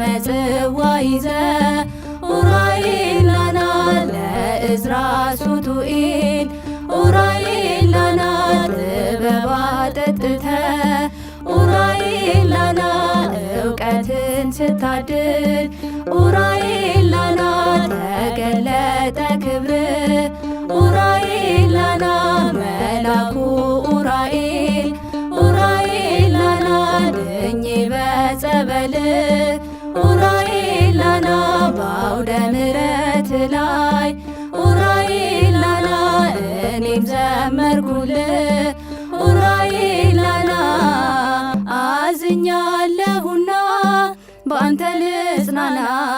መጽዋ ይዘ ኡራኤል ላና ለእዝራ ሱቱኤል ኡራኤል ላና ጥበባ ጠጥተ ኡራኤል ላና እውቀትን ስታድል ኡራኤል ላና ተገለጠ ክብር ኡራኤል ላና መላኩ ኡራኤል ኡራኤል ላና ድኝ በጸበል ላይ ኡራኤል ላላ እኔም ዘመርኩል ኡራኤል ላላ አዝኛለሁና በአንተ ልጽናና